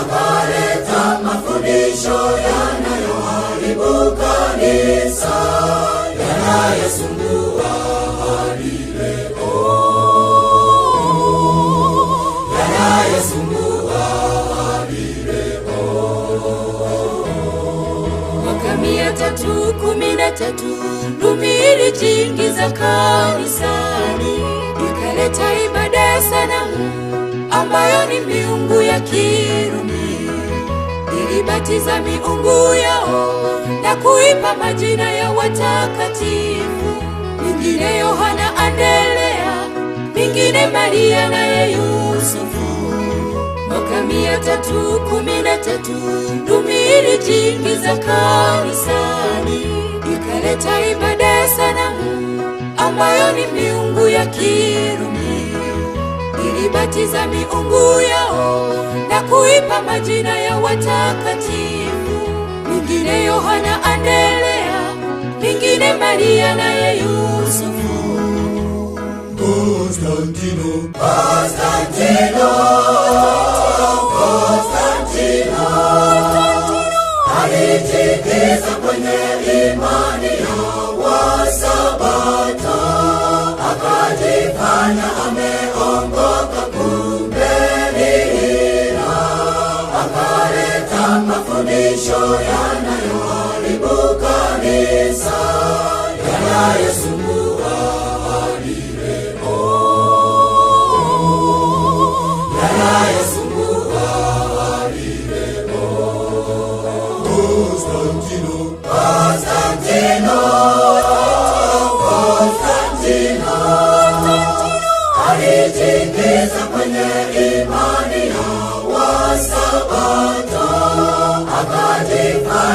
akaleta mafundisho yanayoharibu kanisa, yanayosumbua dumiri jingi za kanisani ikaleta ibada ya sanamu ambayo ni miungu ya Kirumi, ilibatiza miungu yao na kuipa majina ya watakatifu. Mingine Yohana Andrea, mingine Maria naye Yusufu. Mwaka mia tatu kumi na tatu jingi za kanisani, ikaleta ibada ya sanamu ambayo ni miungu ya Kirumi walibatiza miungu yao na kuipa majina ya watakatifu. Mingine Yohana Andrea, mingine Maria naye Yusufu. Konstantino, Konstantino, Konstantino kwenye imani mafundisho yanayoharibu kanisa yanayesu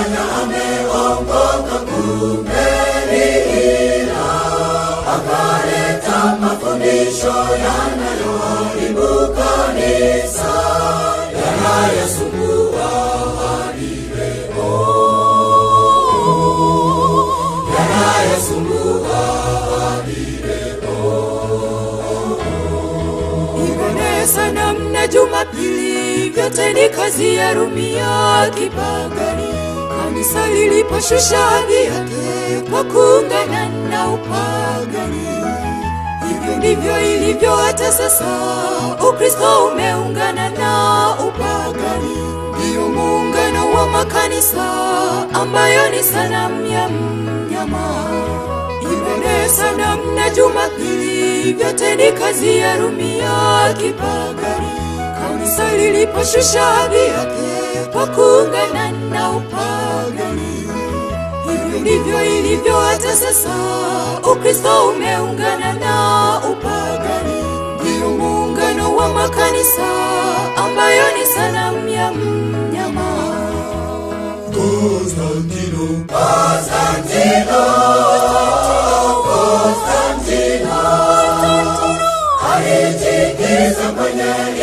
Bwana ameongoka kumbe ni mafundisho yanayoharibu kanisa, yanayasumbua hadi leo, yanayasumbua hadi leo. Jumapili, vyote ni kazi ya rumia kipagani Kanisa liliposhusha adhi yake kwa kuungana na upagani, hivyo ndivyo ilivyo hata sasa. Ukristo umeungana na upagani, ndiyo muungano wa makanisa ambayo ni sanamu ya mnyama. Ibada ya sanamu na Jumapili vyote ni kazi ya Rumi ya kipagani. Kanisa liliposhusha adhi yake kwa kuungana na upagani vilivyo ilivyo hata sasa. Ukristo umeungana na upagani, ndiyo muungano wa makanisa ambayo ni sanamu ya mnyama Konstantino, Konstantino Konstantino alijiingiza kwenye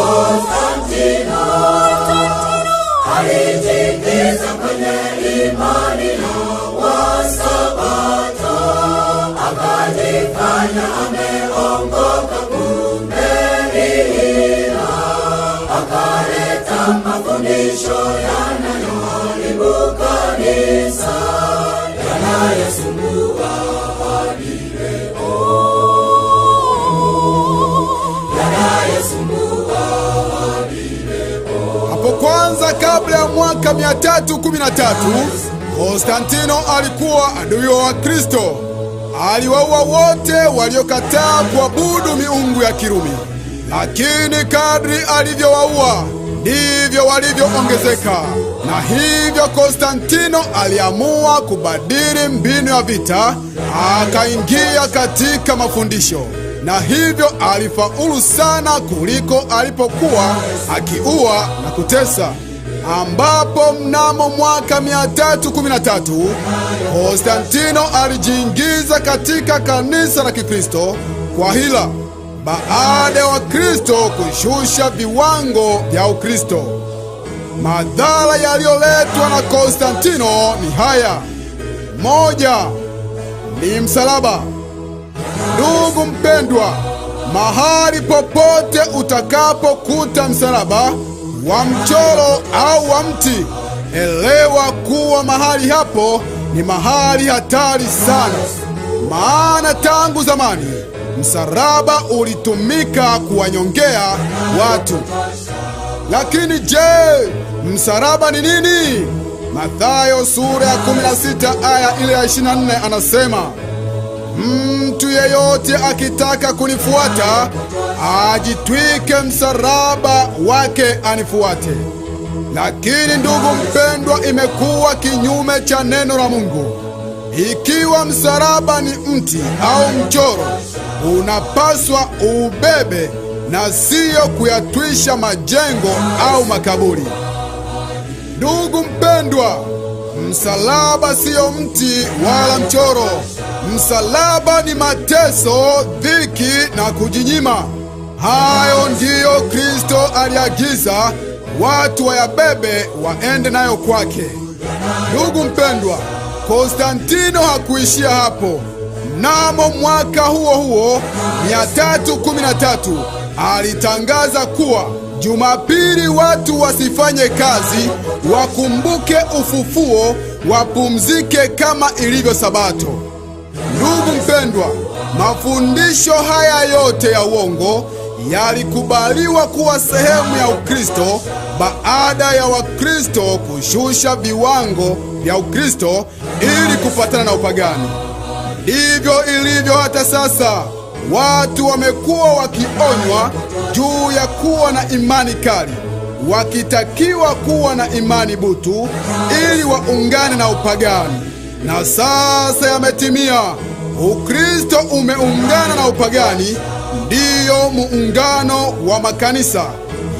Konstantino alijingiza kwenye imani kanisa yanayosumbua hadi leo, Hapo kwanza kabla ya mwaka 313 Konstantino alikuwa adui wa Kristo. Aliwaua wote waliokataa kuabudu miungu ya Kirumi, lakini kadri alivyowaua ndivyo walivyoongezeka, na hivyo Konstantino aliamua kubadili mbinu ya vita, akaingia katika mafundisho na hivyo alifaulu sana kuliko alipokuwa akiua na kutesa, ambapo mnamo mwaka 313 Konstantino alijiingiza katika kanisa la Kikristo kwa hila baada ya Wakristo kushusha viwango vya Ukristo. Madhara yaliyoletwa na Konstantino ni haya: moja ni msalaba. Ndugu mpendwa, mahali popote utakapokuta msalaba wa mchoro au wa mti, elewa kuwa mahali hapo ni mahali hatari sana, maana tangu zamani Msalaba ulitumika kuwanyongea watu. Lakini je, msalaba ni nini? Mathayo sura ya 16 aya ile ya 24 anasema, mtu yeyote akitaka kunifuata ajitwike msalaba wake anifuate. Lakini ndugu mpendwa, imekuwa kinyume cha neno la Mungu. Ikiwa msalaba ni mti au mchoro unapaswa uubebe na siyo kuyatwisha majengo au makaburi. Ndugu mpendwa, msalaba siyo mti wala mchoro. Msalaba ni mateso, dhiki na kujinyima. Hayo ndiyo Kristo aliagiza watu wayabebe waende nayo kwake. Ndugu mpendwa, Konstantino hakuishia hapo. Mnamo mwaka huo huo 313 alitangaza kuwa Jumapili watu wasifanye kazi, wakumbuke ufufuo, wapumzike kama ilivyo Sabato. Ndugu mpendwa, mafundisho haya yote ya uongo yalikubaliwa kuwa sehemu ya Ukristo baada ya Wakristo kushusha viwango vya Ukristo ili kupatana na upagani. Ndivyo ilivyo hata sasa. Watu wamekuwa wakionywa juu ya kuwa na imani kali, wakitakiwa kuwa na imani butu ili waungane na upagani. Na sasa yametimia. Ukristo umeungana na upagani, ndiyo muungano wa makanisa,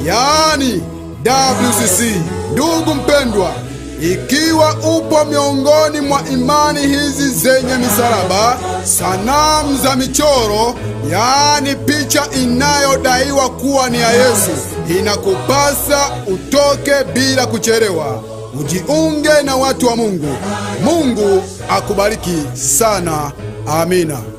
yaani WCC. Ndugu mpendwa, ikiwa upo miongoni mwa imani hizi zenye misalaba, sanamu za michoro, yaani picha inayodaiwa kuwa ni ya Yesu, inakupasa utoke bila kuchelewa, ujiunge na watu wa Mungu. Mungu akubariki sana. Amina.